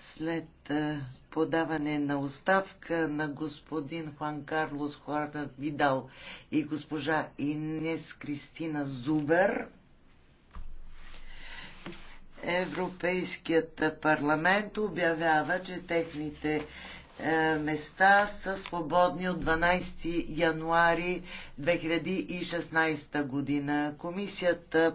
След подаване на оставка на господин Хуан Карлос Хуарна Видал и госпожа Инес Кристина Зубер, Европейският парламент обявява, че техните е, места са свободни от 12 януари 2016 година. Комисията